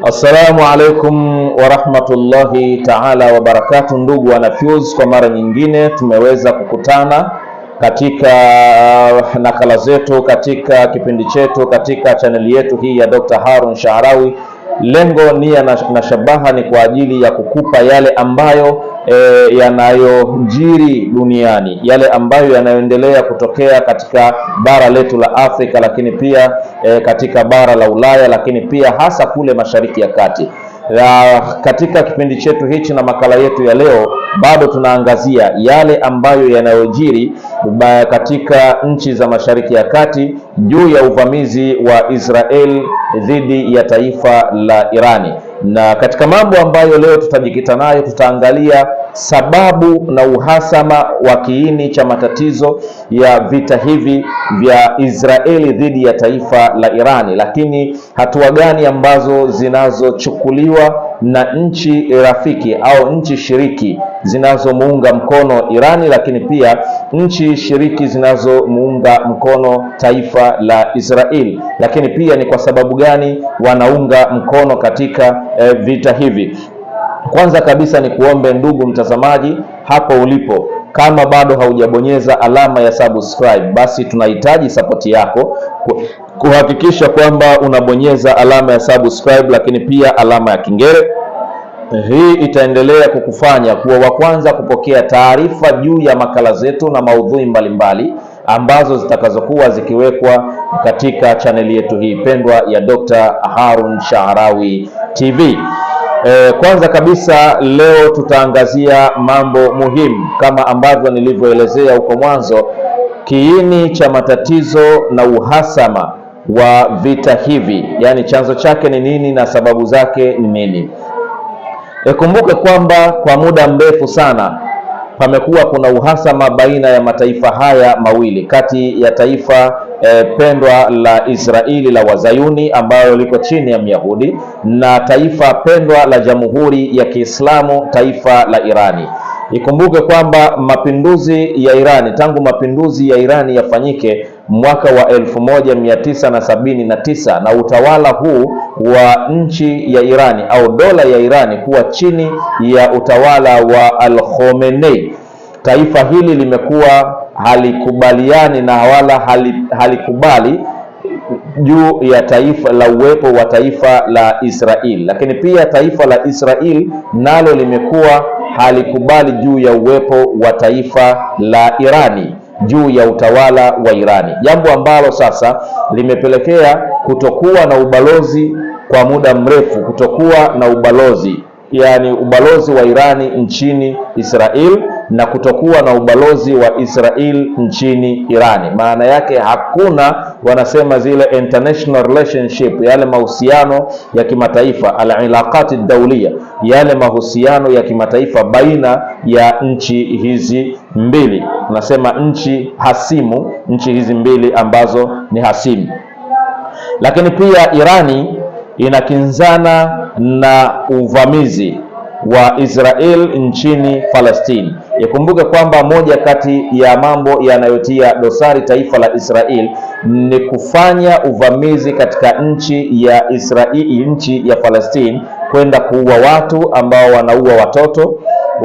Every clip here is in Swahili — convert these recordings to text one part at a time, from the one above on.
Assalamu alaikum warahmatullahi taala wabarakatu. Ndugu wanafyuzi, kwa mara nyingine tumeweza kukutana katika uh, nakala zetu, katika kipindi chetu, katika chaneli yetu hii ya Dr. Harun shaharawi Lengo, nia na shabaha ni kwa ajili ya kukupa yale ambayo e, yanayojiri duniani, yale ambayo yanayoendelea kutokea katika bara letu la Afrika, lakini pia e, katika bara la Ulaya, lakini pia hasa kule Mashariki ya Kati. Ya, katika kipindi chetu hichi na makala yetu ya leo bado tunaangazia yale ambayo yanayojiri katika nchi za Mashariki ya Kati juu ya uvamizi wa Israel dhidi ya taifa la Irani na katika mambo ambayo leo tutajikita nayo, tutaangalia sababu na uhasama wa kiini cha matatizo ya vita hivi vya Israeli dhidi ya taifa la Irani, lakini hatua gani ambazo zinazochukuliwa na nchi rafiki au nchi shiriki zinazomuunga mkono Irani, lakini pia nchi shiriki zinazomuunga mkono taifa la Israel. Lakini pia ni kwa sababu gani wanaunga mkono katika eh, vita hivi? Kwanza kabisa ni kuombe ndugu mtazamaji hapo ulipo, kama bado haujabonyeza alama ya subscribe, basi tunahitaji sapoti yako kuhakikisha kwamba unabonyeza alama ya subscribe, lakini pia alama ya kengele. Hii itaendelea kukufanya kuwa wa kwanza kupokea taarifa juu ya makala zetu na maudhui mbalimbali mbali, ambazo zitakazokuwa zikiwekwa katika chaneli yetu hii pendwa ya Dr. Harun shaharawi TV. E, kwanza kabisa leo tutaangazia mambo muhimu kama ambavyo nilivyoelezea huko mwanzo, kiini cha matatizo na uhasama wa vita hivi, yaani chanzo chake ni nini na sababu zake ni nini. Ikumbuke kwamba kwa muda mrefu sana pamekuwa kuna uhasama baina ya mataifa haya mawili, kati ya taifa e, pendwa la Israeli la Wazayuni ambalo liko chini ya Myahudi na taifa pendwa la Jamhuri ya Kiislamu taifa la Irani. Ikumbuke kwamba mapinduzi ya Irani, tangu mapinduzi ya Irani yafanyike mwaka wa 1979 na na na utawala huu wa nchi ya Irani au dola ya Irani kuwa chini ya utawala wa al khomeini taifa hili limekuwa halikubaliani na wala halikubali juu ya taifa la uwepo wa taifa la Israel, lakini pia taifa la Israel nalo limekuwa halikubali juu ya uwepo wa taifa la Irani juu ya utawala wa Irani, jambo ambalo sasa limepelekea kutokuwa na ubalozi kwa muda mrefu, kutokuwa na ubalozi yani ubalozi wa Irani nchini Israel na kutokuwa na ubalozi wa Israel nchini Irani. Maana yake hakuna, wanasema zile international relationship, yale mahusiano ya kimataifa, ilaqati daulia, yale mahusiano ya kimataifa baina ya nchi hizi mbili, wanasema nchi hasimu, nchi hizi mbili ambazo ni hasimu. Lakini pia Irani inakinzana na uvamizi wa Israel nchini Palestina. Ikumbuke kwamba moja kati ya mambo yanayotia dosari taifa la Israel ni kufanya uvamizi katika nchi ya Israel, nchi ya Palestina, kwenda kuua watu ambao wanaua watoto,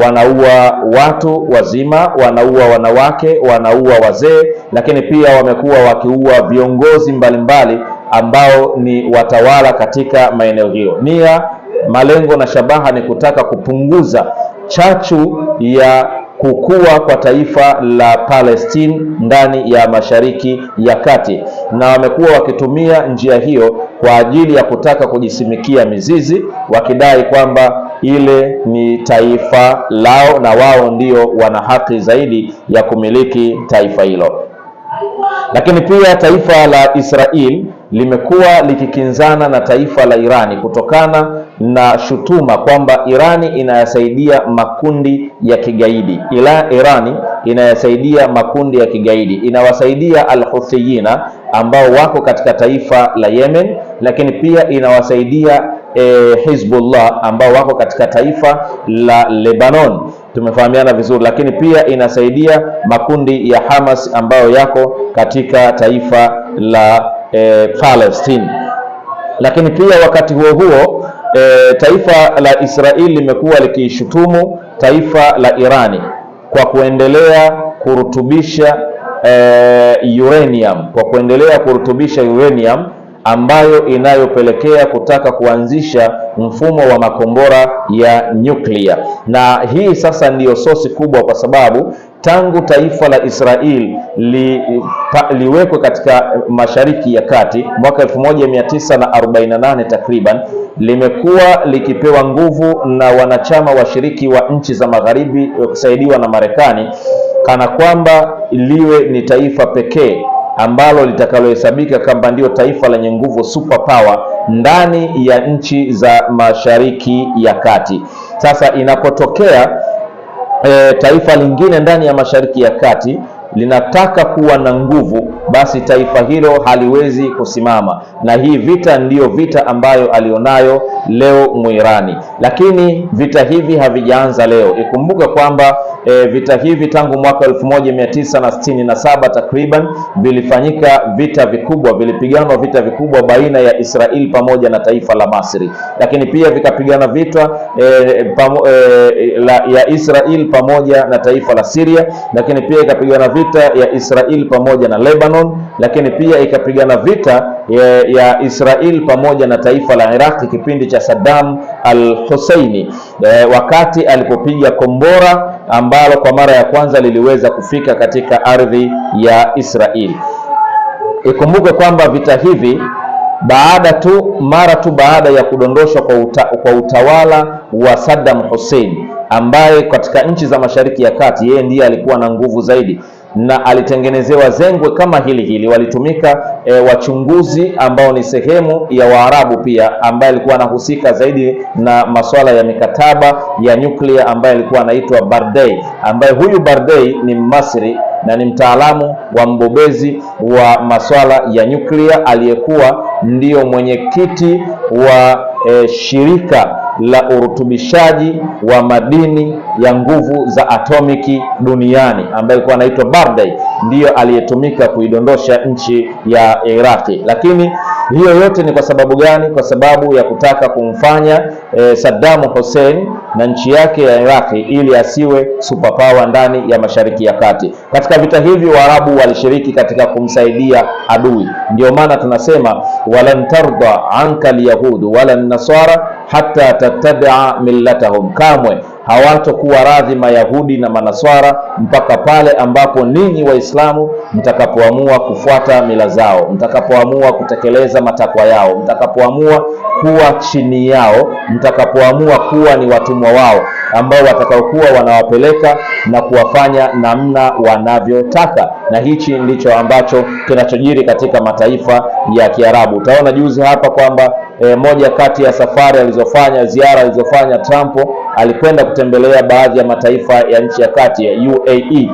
wanaua watu wazima, wanaua wanawake, wanaua wazee, lakini pia wamekuwa wakiua viongozi mbalimbali mbali ambao ni watawala katika maeneo hiyo. Nia, malengo na shabaha ni kutaka kupunguza chachu ya kukua kwa taifa la Palestine ndani ya Mashariki ya Kati, na wamekuwa wakitumia njia hiyo kwa ajili ya kutaka kujisimikia mizizi, wakidai kwamba ile ni taifa lao na wao ndio wana haki zaidi ya kumiliki taifa hilo. Lakini pia taifa la Israel limekuwa likikinzana na taifa la Irani kutokana na shutuma kwamba Irani inayasaidia makundi ya kigaidi. Ila Irani inayasaidia makundi ya kigaidi, inawasaidia al ambao wako katika taifa la Yemen, lakini pia inawasaidia eh, Hizbullah ambao wako katika taifa la Lebanon, tumefahamiana vizuri, lakini pia inasaidia makundi ya Hamas ambayo yako katika taifa la e, Palestine. Lakini pia wakati huo huo e, taifa la Israeli limekuwa likiishutumu taifa la Irani kwa kuendelea kurutubisha e, uranium kwa kuendelea kurutubisha uranium ambayo inayopelekea kutaka kuanzisha mfumo wa makombora ya nyuklia, na hii sasa ndiyo sosi kubwa, kwa sababu tangu taifa la Israel li, liwekwe katika Mashariki ya Kati mwaka 1948 takriban, limekuwa likipewa nguvu na wanachama washiriki wa nchi za magharibi kusaidiwa na Marekani, kana kwamba liwe ni taifa pekee ambalo litakalohesabika kwamba ndio taifa lenye nguvu super power ndani ya nchi za Mashariki ya Kati. Sasa inapotokea e, taifa lingine ndani ya Mashariki ya Kati linataka kuwa na nguvu basi taifa hilo haliwezi kusimama, na hii vita ndiyo vita ambayo alionayo leo Mwirani. Lakini vita hivi havijaanza leo. ikumbuka kwamba e, vita hivi tangu mwaka 1967 takriban vilifanyika vita vikubwa, vilipiganwa vita vikubwa baina ya Israeli pamoja na taifa la Masri, lakini pia vikapigana vita e, pamo, e, la, ya Israeli pamoja na taifa la Siria, lakini pia ikapigana vita ya Israeli pamoja na Lebanon Lebanon, lakini pia ikapigana vita ya, ya Israel pamoja na taifa la Iraq kipindi cha Saddam al-Husseini e, wakati alipopiga kombora ambalo kwa mara ya kwanza liliweza kufika katika ardhi ya Israel. Ikumbuke kwamba vita hivi baada tu mara tu baada ya kudondoshwa kwa, uta, kwa utawala wa Saddam Hussein ambaye katika nchi za Mashariki ya Kati yeye ndiye alikuwa na nguvu zaidi na alitengenezewa zengwe kama hili hili. Walitumika e, wachunguzi ambao ni sehemu ya Waarabu pia, ambaye alikuwa anahusika zaidi na masuala ya mikataba ya nyuklia, ambaye alikuwa anaitwa Bardei, ambaye huyu Bardei ni masri na ni mtaalamu wa mbobezi wa masuala ya nyuklia aliyekuwa ndiyo mwenyekiti wa e, shirika la urutubishaji wa madini ya nguvu za atomiki duniani ambaye alikuwa anaitwa Bardai, ndiyo aliyetumika kuidondosha nchi ya Iraqi, lakini hiyo yote ni kwa sababu gani? Kwa sababu ya kutaka kumfanya eh, Saddam Hussein na nchi yake ya Iraki ili asiwe superpower ndani ya Mashariki ya Kati. Katika vita hivi Waarabu walishiriki katika kumsaidia adui. Ndio maana tunasema walan tarda anka alyahudu walan nasara hatta tattabi'a millatahum, kamwe hawatokuwa radhi Mayahudi na Manaswara mpaka pale ambapo ninyi Waislamu mtakapoamua kufuata mila zao, mtakapoamua kutekeleza matakwa yao, mtakapoamua kuwa chini yao, mtakapoamua kuwa ni watumwa wao, ambao watakaokuwa wanawapeleka na kuwafanya namna wanavyotaka, na hichi ndicho ambacho kinachojiri katika mataifa ya Kiarabu. Utaona juzi hapa kwamba E, moja kati ya safari alizofanya ziara alizofanya Trump alikwenda kutembelea baadhi ya mataifa ya nchi ya kati ya UAE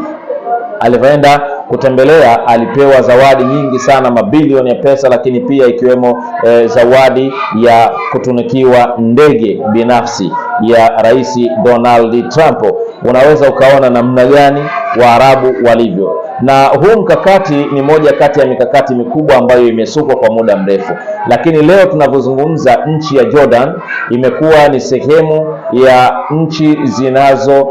alivyoenda kutembelea, alipewa zawadi nyingi sana, mabilioni ya pesa, lakini pia ikiwemo e, zawadi ya kutunukiwa ndege binafsi ya Rais Donald Trump. Unaweza ukaona namna gani Waarabu walivyo na huu mkakati ni moja kati ya mikakati mikubwa ambayo imesukwa kwa muda mrefu, lakini leo tunavyozungumza, nchi ya Jordan imekuwa ni sehemu ya nchi zinazo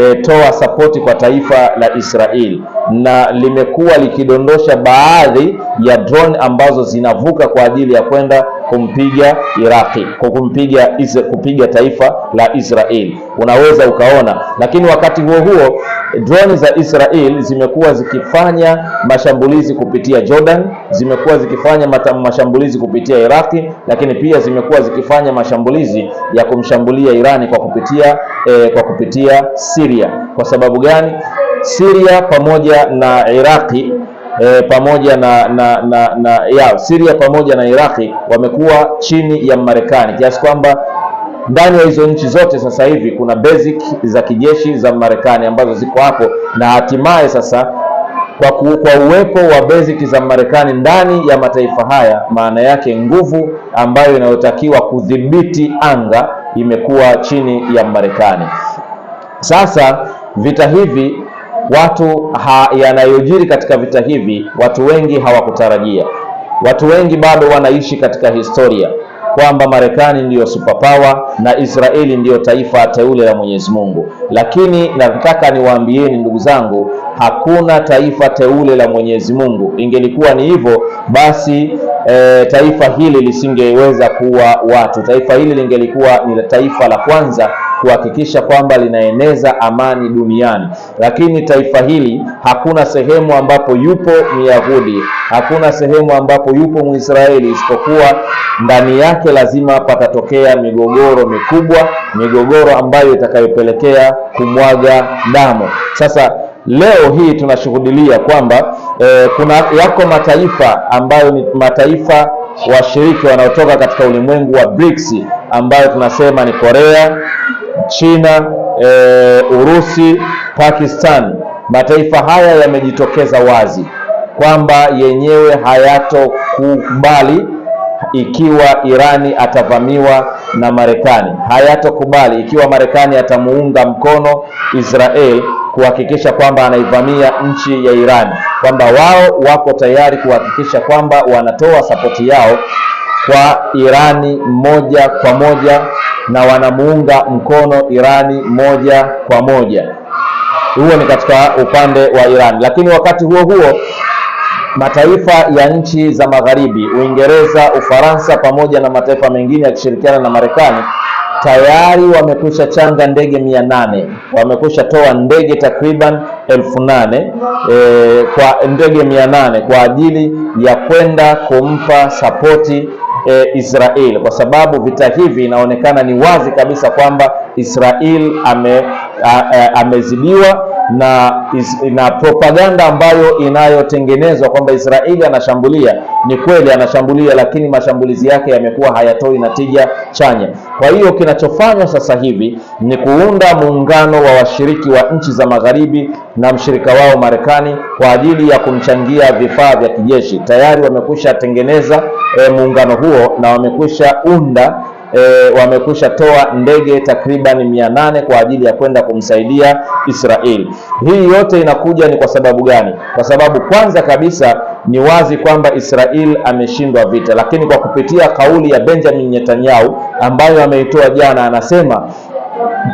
e, toa sapoti kwa taifa la Israeli na limekuwa likidondosha baadhi ya drone ambazo zinavuka kwa ajili ya kwenda kumpiga Iraqi, kumpiga kupiga taifa la Israel, unaweza ukaona. Lakini wakati huo huo drone za Israel zimekuwa zikifanya mashambulizi kupitia Jordan, zimekuwa zikifanya mashambulizi kupitia Iraqi, lakini pia zimekuwa zikifanya mashambulizi ya kumshambulia Irani kwa kupitia e, kwa kupitia Syria. Kwa sababu gani? Syria pamoja na Iraqi e, pamoja na, na, na, na ya Syria pamoja na Iraqi wamekuwa chini ya Marekani kiasi kwamba ndani ya hizo nchi zote sasa hivi kuna basic za kijeshi za Marekani ambazo ziko hapo, na hatimaye sasa kwa, ku, kwa uwepo wa basic za Marekani ndani ya mataifa haya, maana yake nguvu ambayo inayotakiwa kudhibiti anga imekuwa chini ya Marekani. Sasa vita hivi watu yanayojiri katika vita hivi, watu wengi hawakutarajia. Watu wengi bado wanaishi katika historia kwamba Marekani ndiyo superpower na Israeli ndiyo taifa teule la Mwenyezi Mungu, lakini nataka niwaambieni ndugu zangu, hakuna taifa teule la Mwenyezi Mungu. Ingelikuwa ni hivyo basi e, taifa hili lisingeweza kuwa watu. Taifa hili lingelikuwa ni taifa la kwanza kuhakikisha kwamba linaeneza amani duniani, lakini taifa hili hakuna sehemu ambapo yupo Myahudi, hakuna sehemu ambapo yupo Mwisraeli, isipokuwa ndani yake lazima patatokea migogoro mikubwa, migogoro ambayo itakayopelekea kumwaga damu. Sasa Leo hii tunashuhudilia kwamba e, kuna yako mataifa ambayo ni mataifa washiriki wanaotoka katika ulimwengu wa BRICS ambayo tunasema ni Korea, China, e, Urusi, Pakistan. Mataifa haya yamejitokeza wazi kwamba yenyewe hayatokubali ikiwa Irani atavamiwa na Marekani, hayatokubali ikiwa Marekani atamuunga mkono Israel kuhakikisha kwamba anaivamia nchi ya Iran, kwamba wao wako tayari kuhakikisha kwamba wanatoa sapoti yao kwa Irani moja kwa moja na wanamuunga mkono Irani moja kwa moja. Huo ni katika upande wa Iran, lakini wakati huo huo mataifa ya nchi za Magharibi, Uingereza, Ufaransa pamoja na mataifa mengine yakishirikiana na Marekani tayari wamekusha changa ndege mia nane wamekusha toa ndege takriban elfu nane e, kwa ndege mia nane kwa ajili ya kwenda kumpa sapoti e, Israel, kwa sababu vita hivi inaonekana ni wazi kabisa kwamba Israel ame amezidiwa na, na propaganda ambayo inayotengenezwa kwamba Israeli anashambulia. Ni kweli anashambulia, lakini mashambulizi yake yamekuwa hayatoi na tija chanya. Kwa hiyo kinachofanywa sasa hivi ni kuunda muungano wa washiriki wa nchi za magharibi na mshirika wao Marekani kwa ajili ya kumchangia vifaa vya kijeshi. Tayari wamekwisha tengeneza e, muungano huo na wamekwisha unda e, wamekusha toa ndege takriban mia nane kwa ajili ya kwenda kumsaidia Israeli. Hii yote inakuja ni kwa sababu gani? Kwa sababu kwanza kabisa ni wazi kwamba Israel ameshindwa vita, lakini kwa kupitia kauli ya Benjamin Netanyahu ambayo ameitoa jana, anasema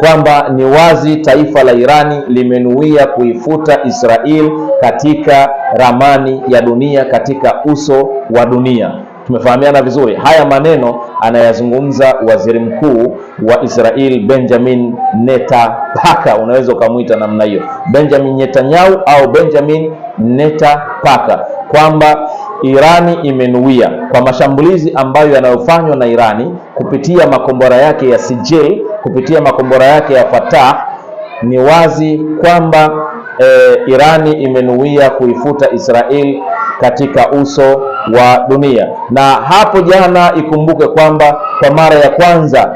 kwamba ni wazi taifa la Irani limenuia kuifuta Israel katika ramani ya dunia, katika uso wa dunia. Tumefahamiana vizuri. Haya maneno anayazungumza waziri mkuu wa Israel Benjamin Netapaka, unaweza ukamwita namna hiyo, Benjamin Netanyahu au Benjamin Netapaka, kwamba Irani imenuia kwa mashambulizi ambayo yanayofanywa na Irani kupitia makombora yake ya Sijil, kupitia makombora yake ya Fatah, ni wazi kwamba e, Irani imenuia kuifuta Israel katika uso wa dunia. Na hapo jana, ikumbuke kwamba kwa mara ya kwanza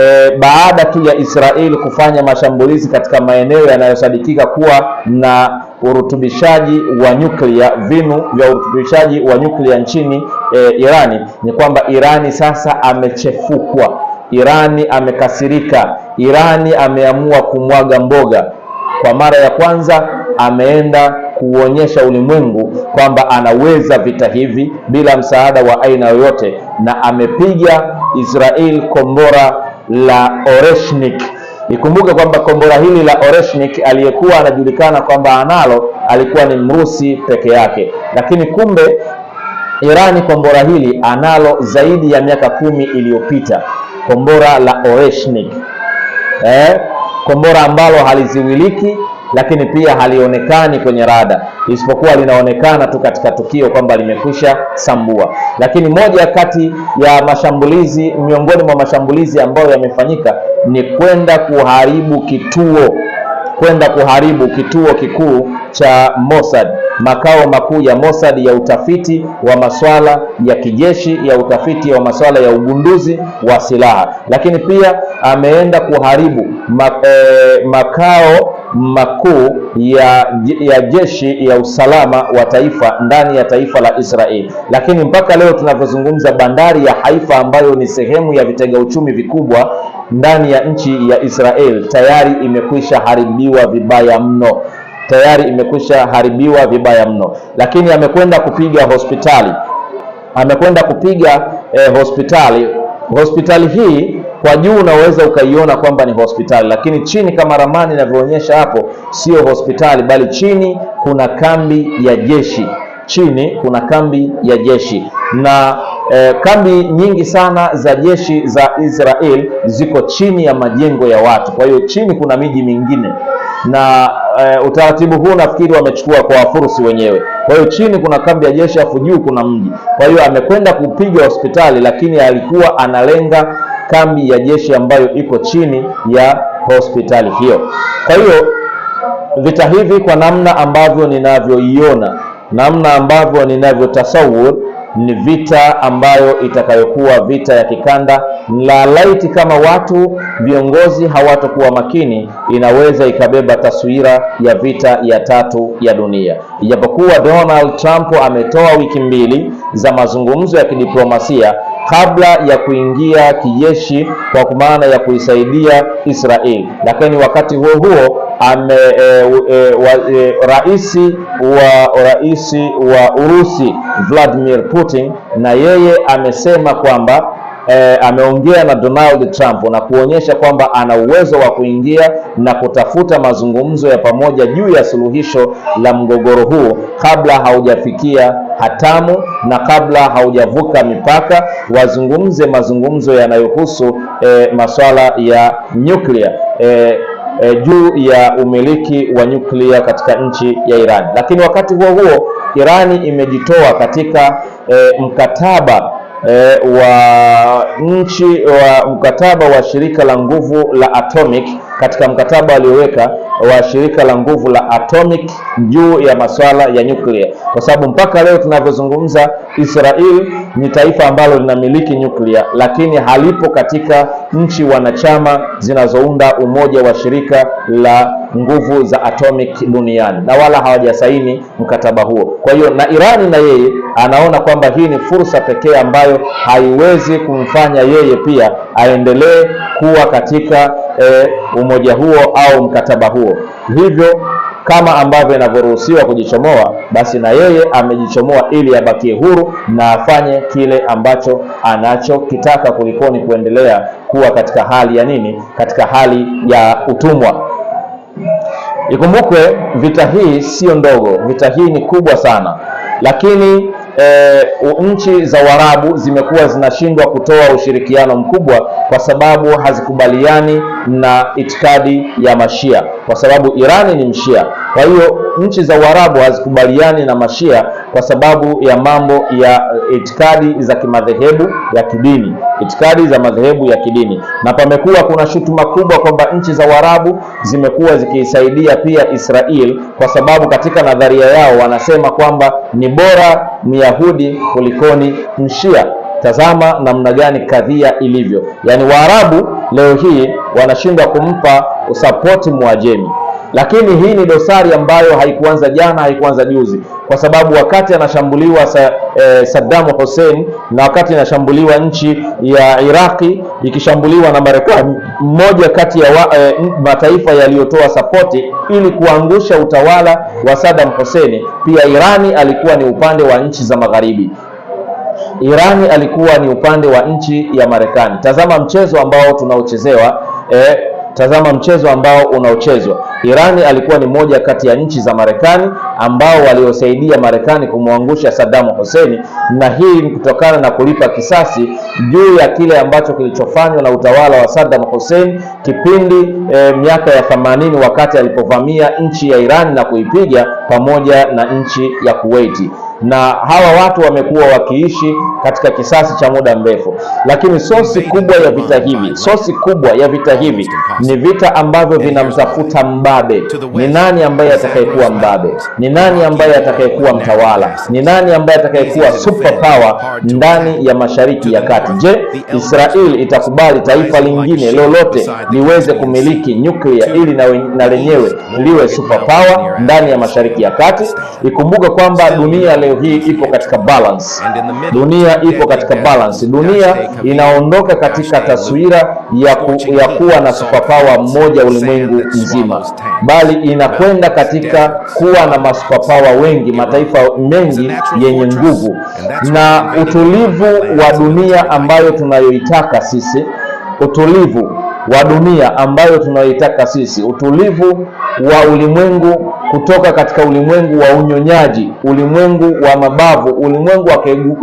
E, baada tu ya Israeli kufanya mashambulizi katika maeneo yanayosadikika kuwa na urutubishaji wa nyuklia, vinu vya urutubishaji wa nyuklia nchini e, Irani, ni kwamba Irani sasa amechefukwa, Irani amekasirika, Irani ameamua kumwaga mboga. Kwa mara ya kwanza ameenda kuuonyesha ulimwengu kwamba anaweza vita hivi bila msaada wa aina yoyote, na amepiga Israel kombora la Oreshnik. Ikumbuke kwamba kombora hili la Oreshnik aliyekuwa anajulikana kwamba analo alikuwa ni Mrusi peke yake, lakini kumbe Irani kombora hili analo zaidi ya miaka kumi iliyopita, kombora la Oreshnik eh, kombora ambalo haliziwiliki lakini pia halionekani kwenye rada, isipokuwa linaonekana tu katika tukio kwamba limekwisha sambua. Lakini moja kati ya mashambulizi, miongoni mwa mashambulizi ambayo yamefanyika ni kwenda kuharibu kituo, kwenda kuharibu kituo kikuu cha Mossad, makao makuu ya Mossad ya utafiti wa masuala ya kijeshi, ya utafiti wa masuala ya ugunduzi wa silaha, lakini pia ameenda kuharibu eh, makao makuu ya, ya jeshi ya usalama wa taifa ndani ya taifa la Israeli. Lakini mpaka leo tunavyozungumza, bandari ya Haifa ambayo ni sehemu ya vitega uchumi vikubwa ndani ya nchi ya Israeli tayari imekwisha haribiwa vibaya mno, tayari imekwisha haribiwa vibaya mno. Lakini amekwenda kupiga hospitali, amekwenda kupiga eh, hospitali. Hospitali hii kwa juu unaweza ukaiona kwamba ni hospitali, lakini chini kama ramani inavyoonyesha hapo, sio hospitali, bali chini kuna kambi ya jeshi. Chini kuna kambi ya jeshi na eh, kambi nyingi sana za jeshi za Israel ziko chini ya majengo ya watu. Kwa hiyo chini kuna miji mingine na Uh, utaratibu huu nafikiri wamechukua kwa wafursi wenyewe. Kwa hiyo chini kuna kambi ya jeshi afu juu kuna mji. Kwa hiyo amekwenda kupiga hospitali, lakini alikuwa analenga kambi ya jeshi ambayo iko chini ya hospitali hiyo. Kwa hiyo vita hivi, kwa namna ambavyo ninavyoiona, namna ambavyo ninavyotasawur ni vita ambayo itakayokuwa vita ya kikanda. La laiti kama watu viongozi hawatakuwa makini, inaweza ikabeba taswira ya vita ya tatu ya dunia. Ijapokuwa Donald Trump ametoa wiki mbili za mazungumzo ya kidiplomasia kabla ya kuingia kijeshi, kwa maana ya kuisaidia Israeli, lakini wakati huo huo ame e, e, e, raisi wa raisi wa Urusi Vladimir Putin na yeye amesema kwamba E, ameongea na Donald Trump na kuonyesha kwamba ana uwezo wa kuingia na kutafuta mazungumzo ya pamoja juu ya suluhisho la mgogoro huu kabla haujafikia hatamu na kabla haujavuka mipaka, wazungumze mazungumzo yanayohusu e, masuala ya nyuklia e, e, juu ya umiliki wa nyuklia katika nchi ya Iran. Lakini wakati huo huo Irani imejitoa katika e, mkataba e, wa nchi wa mkataba wa shirika la nguvu la atomic katika mkataba walioweka wa shirika la nguvu la atomic juu ya masuala ya nyuklia, kwa sababu mpaka leo tunavyozungumza, Israel ni taifa ambalo linamiliki nyuklia, lakini halipo katika nchi wanachama zinazounda umoja wa shirika la nguvu za atomic duniani na wala hawajasaini mkataba huo. Kwa hiyo na Irani na yeye anaona kwamba hii ni fursa pekee ambayo haiwezi kumfanya yeye pia aendelee kuwa katika e, umoja huo au mkataba huo. Hivyo kama ambavyo inavyoruhusiwa kujichomoa, basi na yeye amejichomoa ili abakie huru na afanye kile ambacho anachokitaka kulikoni kuendelea kuwa katika hali ya nini? Katika hali ya utumwa. Ikumbukwe vita hii siyo ndogo, vita hii ni kubwa sana, lakini e, nchi za Waarabu zimekuwa zinashindwa kutoa ushirikiano mkubwa kwa sababu hazikubaliani na itikadi ya Mashia, kwa sababu Irani ni Mshia. Kwa hiyo nchi za Waarabu hazikubaliani na Mashia kwa sababu ya mambo ya eh, itikadi za kimadhehebu ya kidini, itikadi za madhehebu ya kidini, na pamekuwa kuna shutuma kubwa kwamba nchi za Waarabu zimekuwa zikiisaidia pia Israel, kwa sababu katika nadharia yao wanasema kwamba ni bora Myahudi kulikoni Mshia. Tazama namna gani kadhia ilivyo, yaani Waarabu leo hii wanashindwa kumpa usapoti Mwajemi lakini hii ni dosari ambayo haikuanza jana, haikuanza juzi, kwa sababu wakati anashambuliwa sa, e, Saddam Hussein na wakati inashambuliwa nchi ya Iraqi ikishambuliwa na Marekani, mmoja kati ya wa, eh, mataifa yaliyotoa sapoti ili kuangusha utawala wa Saddam Hussein, pia Irani alikuwa ni upande wa nchi za Magharibi. Irani alikuwa ni upande wa nchi ya Marekani. Tazama mchezo ambao tunaochezewa eh, Tazama mchezo ambao unaochezwa. Irani alikuwa ni moja kati ya nchi za Marekani ambao waliosaidia Marekani kumwangusha Saddam Hussein, na hii ni kutokana na kulipa kisasi juu ya kile ambacho kilichofanywa na utawala wa Saddam Hussein kipindi e, miaka ya themanini wakati alipovamia nchi ya Irani na kuipiga pamoja na nchi ya Kuwaiti na hawa watu wamekuwa wakiishi katika kisasi cha muda mrefu, lakini sosi kubwa ya vita hivi, sosi kubwa ya vita hivi ni vita ambavyo vinamtafuta mbabe. Ni nani ambaye atakayekuwa mbabe? Ni nani ambaye atakayekuwa mtawala? Ni nani ambaye atakayekuwa super power ndani ya Mashariki ya Kati? Je, Israel itakubali taifa lingine lolote liweze kumiliki nyuklia ili na, na lenyewe liwe super power ndani ya Mashariki ya Kati? Ikumbuke kwamba dunia leo leo hii ipo katika balance. Dunia ipo katika balance. Dunia inaondoka katika taswira ya, ku, ya kuwa na superpower mmoja ulimwengu mzima, bali inakwenda katika kuwa na masuperpower wengi, mataifa mengi yenye nguvu, na utulivu wa dunia ambayo tunayoitaka sisi, utulivu wa dunia ambayo tunaitaka sisi, utulivu wa ulimwengu kutoka katika ulimwengu wa unyonyaji, ulimwengu wa mabavu, ulimwengu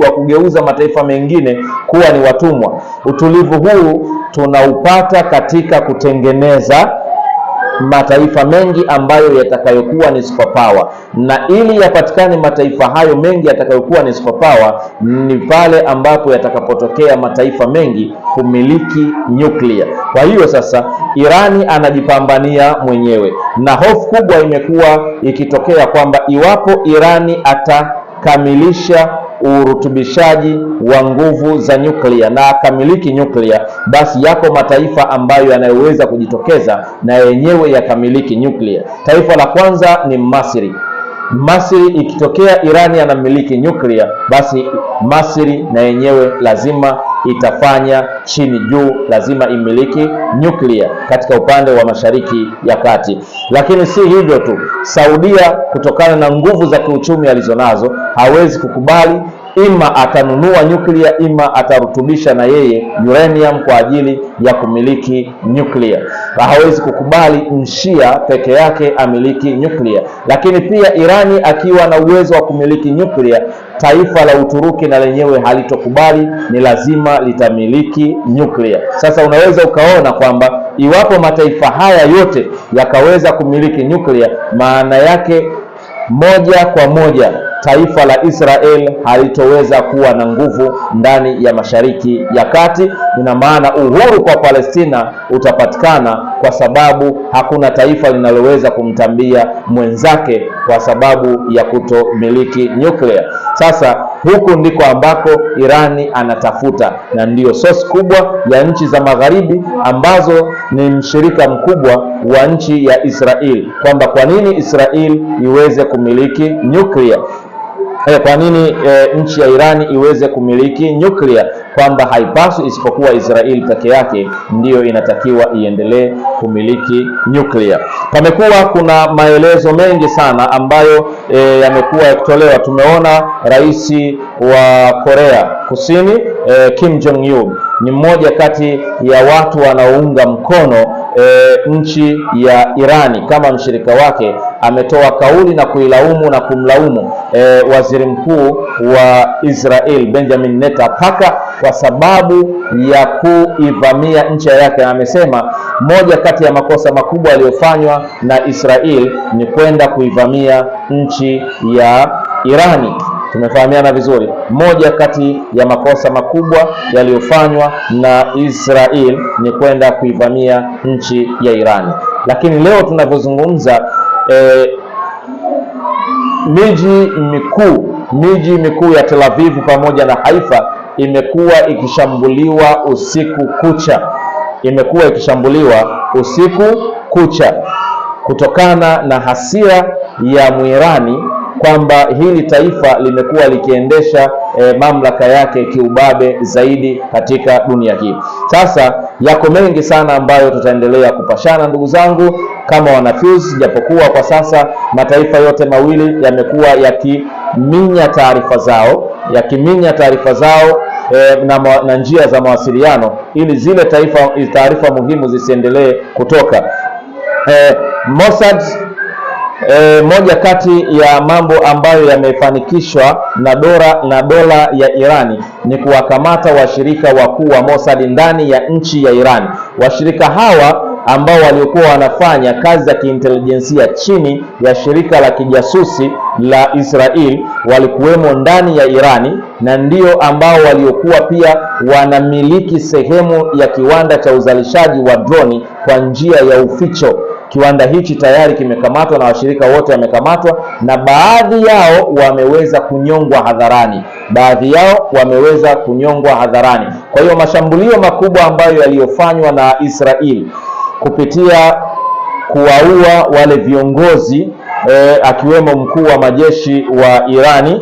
wa kugeuza mataifa mengine kuwa ni watumwa. Utulivu huu tunaupata katika kutengeneza mataifa mengi ambayo yatakayokuwa ni superpower, na ili yapatikane mataifa hayo mengi yatakayokuwa ni superpower ni pale ambapo yatakapotokea mataifa mengi kumiliki nyuklia. Kwa hiyo sasa Irani anajipambania mwenyewe, na hofu kubwa imekuwa ikitokea kwamba iwapo Irani atakamilisha urutubishaji wa nguvu za nyuklia na akamiliki nyuklia, basi yako mataifa ambayo yanayoweza kujitokeza na yenyewe yakamiliki nyuklia. Taifa la kwanza ni Masri. Masri ikitokea Irani anamiliki nyuklia, basi Masri na yenyewe lazima itafanya chini juu, lazima imiliki nyuklia katika upande wa Mashariki ya Kati. Lakini si hivyo tu, Saudia kutokana na nguvu za kiuchumi alizonazo hawezi kukubali ima atanunua nyuklia, ima atarutubisha na yeye uranium kwa ajili ya kumiliki nyuklia. Hawezi kukubali nshia peke yake amiliki nyuklia, lakini pia Irani akiwa na uwezo wa kumiliki nyuklia, taifa la Uturuki na lenyewe halitokubali, ni lazima litamiliki nyuklia. Sasa unaweza ukaona kwamba iwapo mataifa haya yote yakaweza kumiliki nyuklia, maana yake moja kwa moja taifa la Israel halitoweza kuwa na nguvu ndani ya Mashariki ya Kati. Ina maana uhuru kwa Palestina utapatikana kwa sababu hakuna taifa linaloweza kumtambia mwenzake kwa sababu ya kutomiliki nyuklia. Sasa huku ndiko ambako Irani anatafuta na ndiyo sosi kubwa ya nchi za magharibi ambazo ni mshirika mkubwa wa nchi ya Israel, kwamba kwa nini Israel iweze kumiliki nyuklia. Haya, kwa nini e, nchi ya Irani iweze kumiliki nyuklia? Kwamba haipaswi isipokuwa Israeli peke yake ndiyo inatakiwa iendelee kumiliki nyuklia. Pamekuwa kuna maelezo mengi sana ambayo e, yamekuwa yakitolewa. Tumeona rais wa Korea Kusini e, Kim Jong Un ni mmoja kati ya watu wanaounga mkono E, nchi ya Irani kama mshirika wake ametoa kauli na kuilaumu na kumlaumu e, waziri mkuu wa Israel Benjamin Netanyahu kwa sababu ya kuivamia nchi yake, na amesema moja kati ya makosa makubwa yaliyofanywa na Israel ni kwenda kuivamia nchi ya Irani. Tumefahamiana vizuri. Moja kati ya makosa makubwa yaliyofanywa na Israel ni kwenda kuivamia nchi ya Irani, lakini leo tunavyozungumza eh, miji mikuu miji mikuu ya Tel Aviv pamoja na Haifa imekuwa ikishambuliwa usiku kucha, imekuwa ikishambuliwa usiku kucha kutokana na hasira ya Mwirani kwamba hili taifa limekuwa likiendesha e, mamlaka yake kiubabe zaidi katika dunia hii. Sasa yako mengi sana ambayo tutaendelea kupashana ndugu zangu kama wanaFuze, japokuwa kwa sasa mataifa yote mawili yamekuwa yakiminya taarifa zao yakiminya taarifa zao E, na, na njia za mawasiliano ili zile taarifa muhimu zisiendelee kutoka e, Mossad E, moja kati ya mambo ambayo yamefanikishwa na dola na dola ya Irani ni kuwakamata washirika wakuu wa Mossad ndani ya nchi ya Irani. Washirika hawa ambao waliokuwa wanafanya kazi za kiintelijensia chini ya shirika la kijasusi la Israel walikuwemo ndani ya Irani na ndio ambao waliokuwa pia wanamiliki sehemu ya kiwanda cha uzalishaji wa droni kwa njia ya uficho. Kiwanda hichi tayari kimekamatwa na washirika wote wamekamatwa, na baadhi yao wameweza kunyongwa hadharani, baadhi yao wameweza kunyongwa hadharani. Kwa hiyo mashambulio makubwa ambayo yaliyofanywa na Israeli kupitia kuwaua wale viongozi e, akiwemo mkuu wa majeshi wa Irani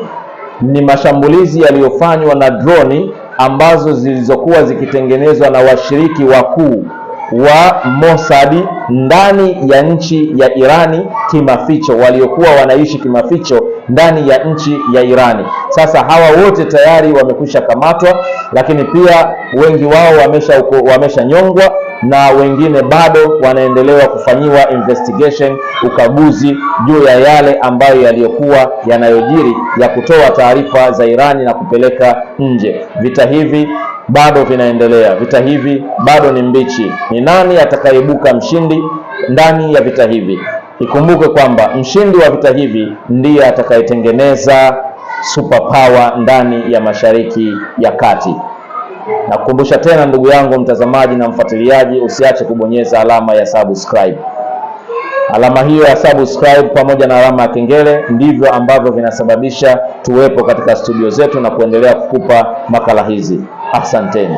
ni mashambulizi yaliyofanywa na droni ambazo zilizokuwa zikitengenezwa na washiriki wakuu wa Mossad ndani ya nchi ya Irani kimaficho, waliokuwa wanaishi kimaficho ndani ya nchi ya Irani. Sasa hawa wote tayari wamekwisha kamatwa, lakini pia wengi wao wamesha wameshanyongwa na wengine bado wanaendelewa kufanyiwa investigation, ukaguzi juu ya yale ambayo yaliyokuwa yanayojiri ya kutoa taarifa za Irani na kupeleka nje. Vita hivi bado vinaendelea, vita hivi bado ni mbichi. Ni nani atakayeibuka mshindi ndani ya vita hivi? Ikumbuke kwamba mshindi wa vita hivi ndiye atakayetengeneza superpower ndani ya Mashariki ya Kati. Nakukumbusha tena ndugu yangu mtazamaji na mfuatiliaji, usiache kubonyeza alama ya subscribe. Alama hiyo ya subscribe pamoja na alama ya kengele ndivyo ambavyo vinasababisha tuwepo katika studio zetu na kuendelea kukupa makala hizi. Asanteni.